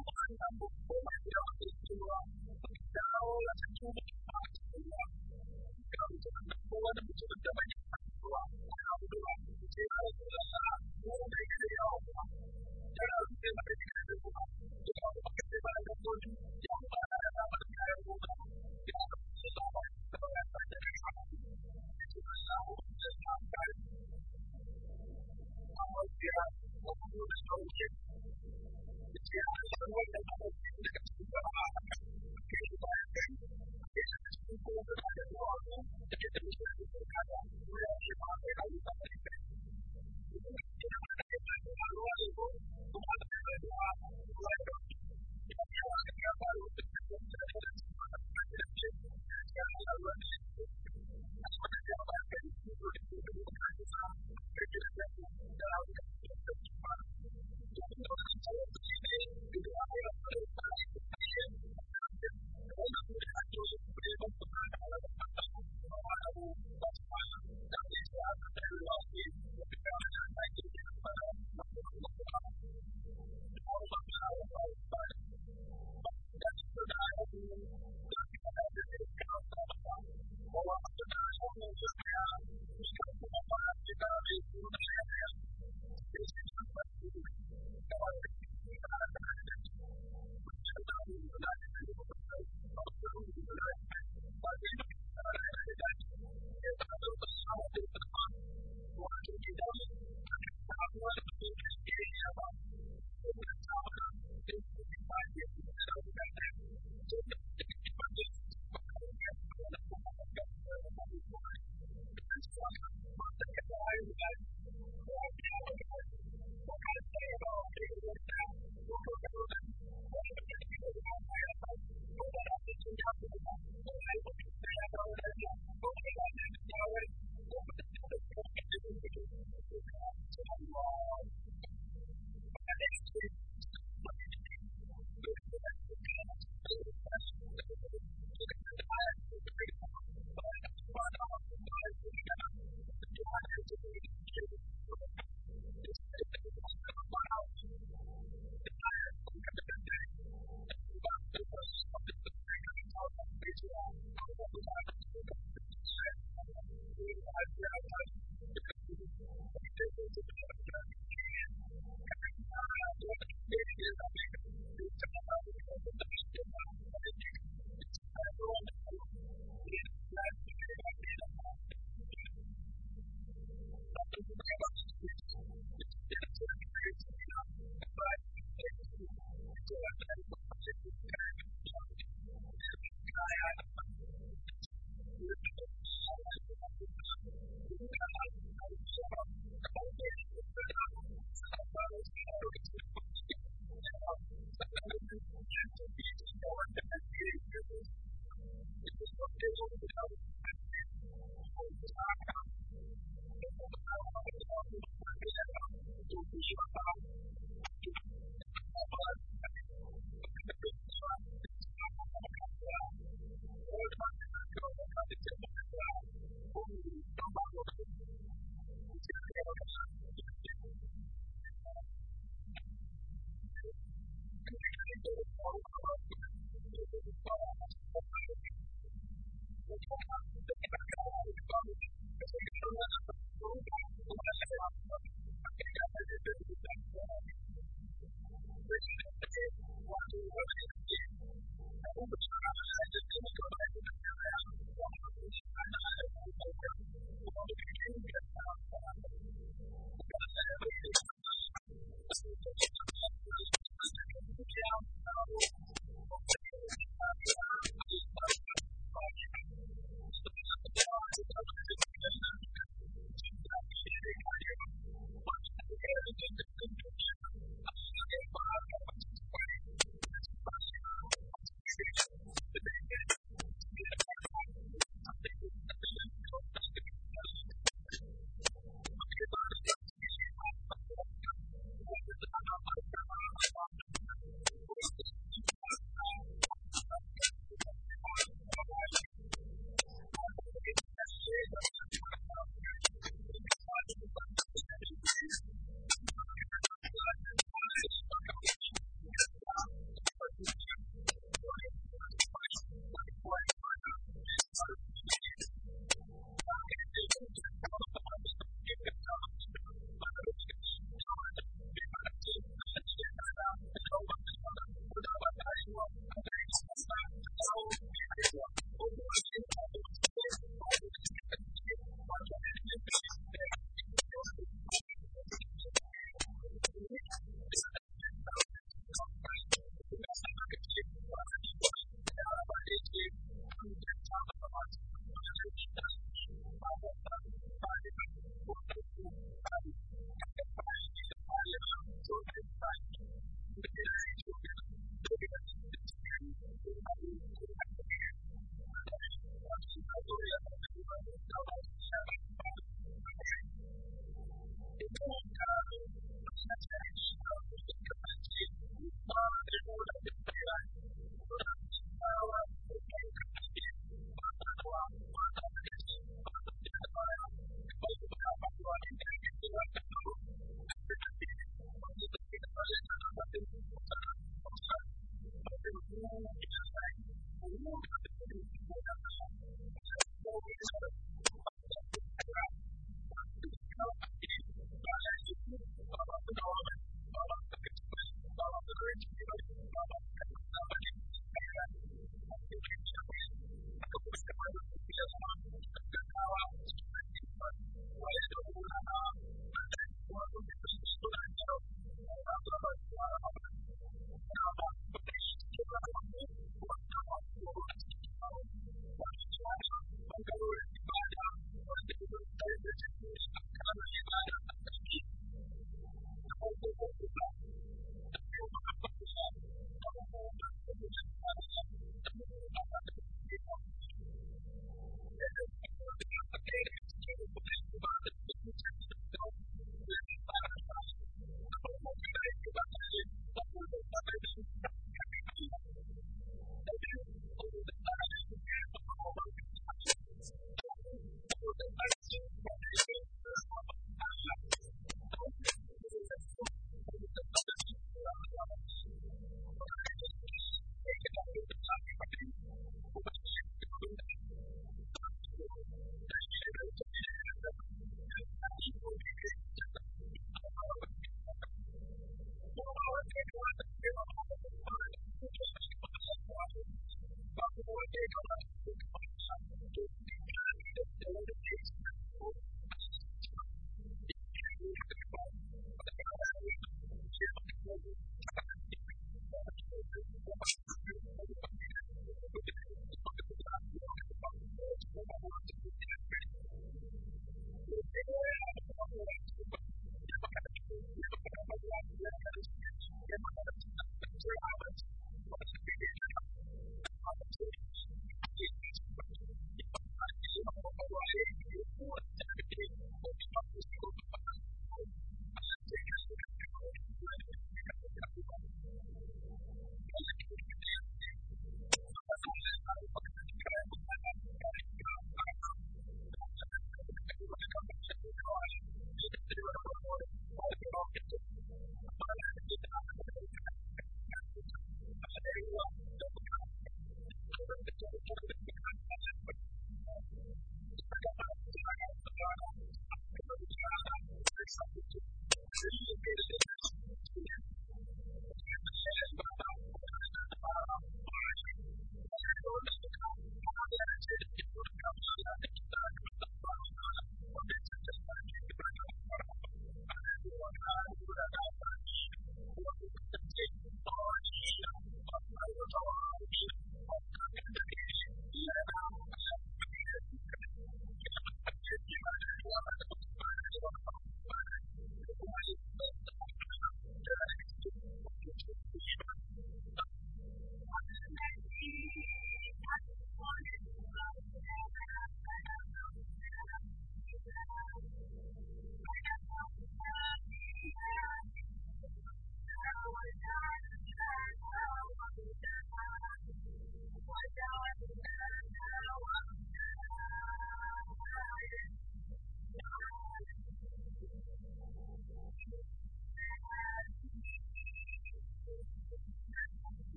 umuhanda mu kubera izuba kugira ngo batange ubuvuzi bw'abantu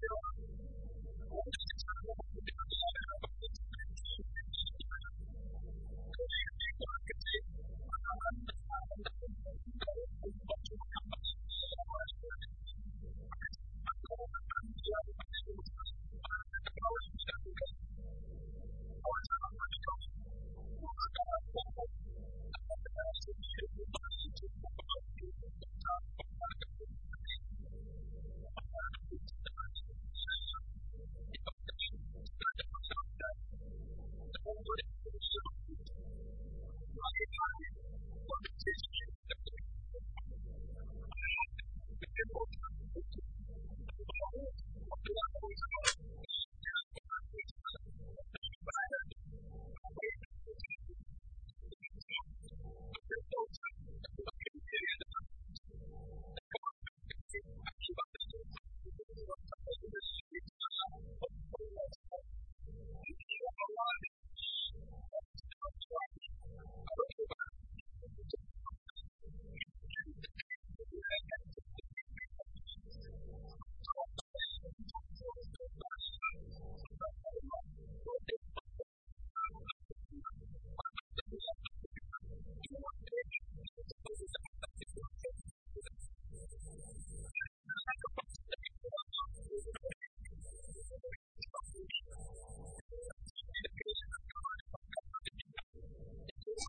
still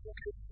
Thank you.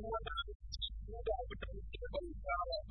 kuwa na shida kutamkia kwa usawa